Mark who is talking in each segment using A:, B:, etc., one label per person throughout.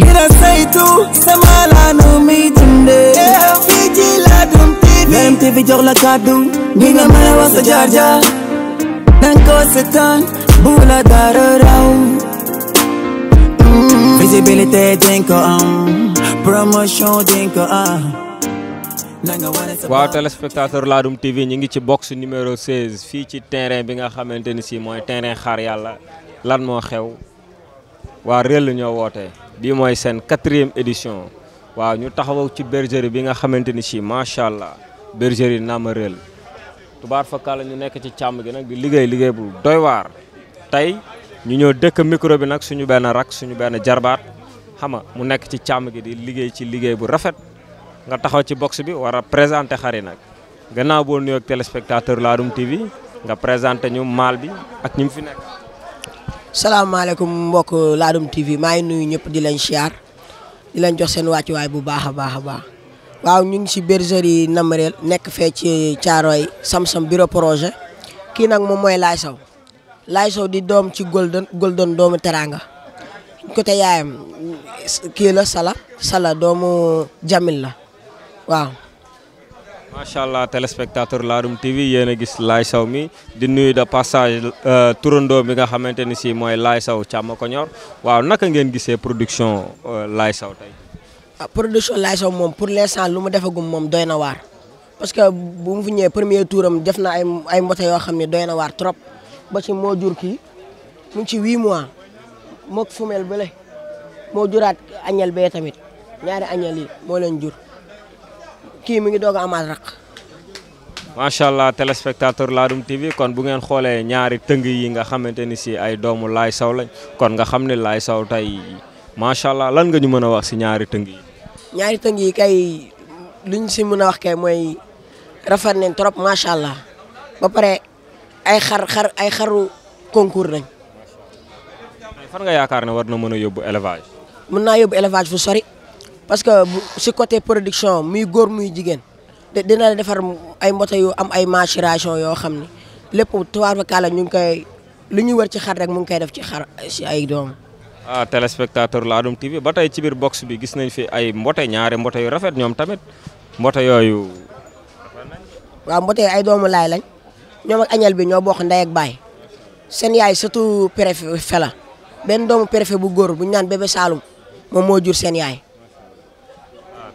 A: ngir a saytu sama laanu mi dundee. fii ci Ladoum TV. jox la kàddu. mi nga mën a wax sa jaar jaar. danga ko seetaan bu la dara raw. Mm.
B: waaw téléspectateur Ladoum TV ñu ngi ci box numéro 16 fii ci terrain bi nga xamante ni si mooy terrain xaar yàlla lan moo xew waa réel ñoo woote. bii mooy seen quatrième édition waaw ñu taxaw ci bergerie bi nga xamante ni si macha allah bergerie Namarel tubaar fakkaala ñu nekk ci càmm gi nag di liggéey liggéey bu doy waar tey ñu ñëw dëkk micro bi nag suñu benn rak suñu benn jarbaat xama mu nekk ci càmm gi di liggéey ci liggéey bu rafet nga taxaw ci box bi war a présenter xar nag gannaaw boo nuyoog téléspectateur Ladoum TV nga présenté ñu maal bi ak ñi mu fi nekk.
A: salaamaaleykum mbokk Ladoum TV maa ngi nuyu ñëpp di leen siyaar di leen jox seen wàccuwaay bu baax a baax a baax waaw ñu ngi si bergerie Namarel nekk fee ci Thiaroye Samsam bureau projet kii nag moom mooy Laye Sow Laye Sow di doom ci Golden Golden doomu Teranga côté yaayam kii la Sala Sala doomu Jamil la waaw.
B: macha allah téléspectateur Ladoum TV yéen a gis Laye Sow mi di nuyu de passage euh, turandoo bi nga xamante ni si mooy Laye Sow càmm ko ñor waaw naka ngeen gise production euh, Laye Sow tey.
A: ah production Laye Sow moom pour l'instant lu mu defagum moom doy na waar parce que bu mu fi ñëwee premier touram def na ay ay mbote yoo xam ne doy na waar trop ba ci moo jur kii mu ci huit mois mook fumel bële moo juraat añel bee tamit ñaari añel yi moo leen jur. kii mi ngi doog a amaat raq.
B: macha allah téléspectateur Ladoum TV kon bu ngeen xoolee ñaari tëng yi nga xamante ni si ay doomu laay saw lañ kon nga xam ne Laye saw tey macha allah lan nga ñu mën a wax si ñaari tëng yi.
A: ñaari tëng yi kay li ñu si mën a wax kay mooy rafet nañ trop macha allah ba pare ay xar xar ay xaru concours nañ.
B: fan nga yaakaar ne war na mën a yóbbu élevage.
A: mën naa yóbbu élevage fu sori. parce que si côté production muy góor muy jigéen dina defar ay moto yu am ay maturation yoo xam ne lépp tubaab kàlla ñu ngi koy lu ñuy wër ci xar rek mu ngi koy def ci xar si ay doom.
B: ah téléspectateur Ladoum TV ba tey ci biir box bi gis nañ fi ay mbote ñaari mbote yu rafet ñoom tamit mbote yooyu.
A: waaw mbote ay doomu laay lañ ñoom ak añal bi ñoo bokk ndey ak baay seen yaay surtout préfet fela benn doomu préfet bu góor bu ñu naan bébé Saloum moom moo jur seen yaay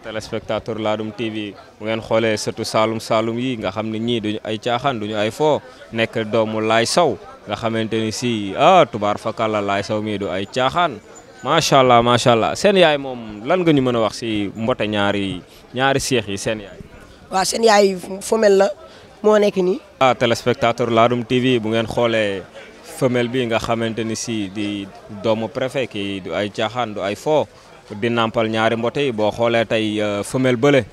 B: téléspectateur Ladoum TV bu ngeen xoolee surtout Saalum Saalum yi nga xam ne ñii duñu ay caaxaan duñu ay fo nekk doomu Laay saw nga xamante ni si ah tubaar fakalla Laay Sow mii du ay caaxaan macha allah macha allah seen yaay moom lan nga ñu mën a wax si mbote ñaari ñaari seex yi seen yaay.
A: waaw seen yaay femelle la moo nekk nii.
B: ah téléspectateur Ladoum TV bu ngeen xoolee femelle bi nga xamante ni si di doomu préfet kii du ay caaxaan du ay foo di nàmpal ñaari mbote yi boo xoolee tey euh, femelle bële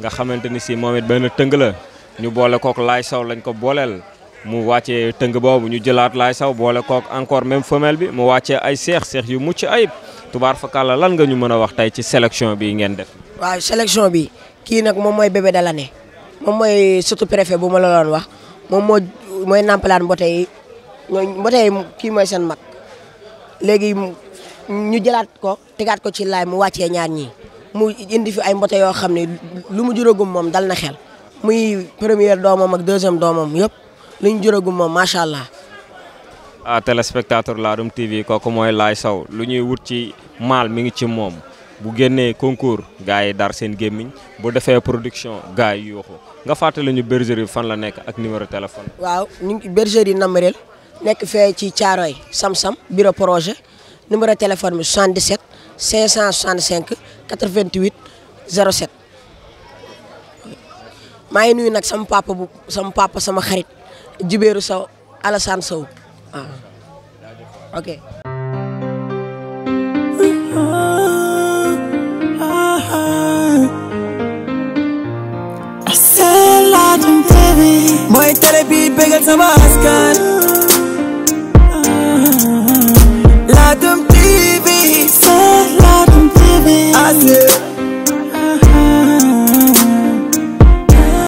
B: nga xamante ni si moom it benn tëng la ñu boole kook laay saw lañ ko booleel mu wàccee tëng boobu ñu jëlaat laay saw boole kook encore même femelle bi mu wàcce ay seex seex yu mucc ayib tubaar fakàlla lan nga ñu mën a wax tey ci sélection bii ngeen def.
A: waaw sélection bi kii nag moom mooy bébé de l'année moom mooy surtout préfet bu ma la wax moom moo mooy nàmpalaan mbote yi ñooy mbote yi kii mooy seen ñu jëlaat ko tegaat ko ci laay mu wàccee ñaar ñii mu indi fi ay mbote yoo xam ne lu mu juróogum moom dal na xel muy première doomam ak deuxième doomam yëpp lu ñu juróogum moom macha allah.
B: ah téléspectateur Ladoum TV kooku mooy Laye Sow lu ñuy wut ci maal mi ngi ci moom bu génnee concours gars yi dar seen gémmiñ bu defee production gars yi yuuxu nga fàttali ñu bergerie fan la nekk ak numéro téléphone.
A: waaw bergerie Namarel nekk fee ci Caaroy Sam bureau projet. numéro téléphone bi 77 565 88 07 maa ngi nuyu nag sama papa bu sama papa sama xarit Jibéeru Sow Alassane Sow waaw ok. mooy télé bi bégal sama askan.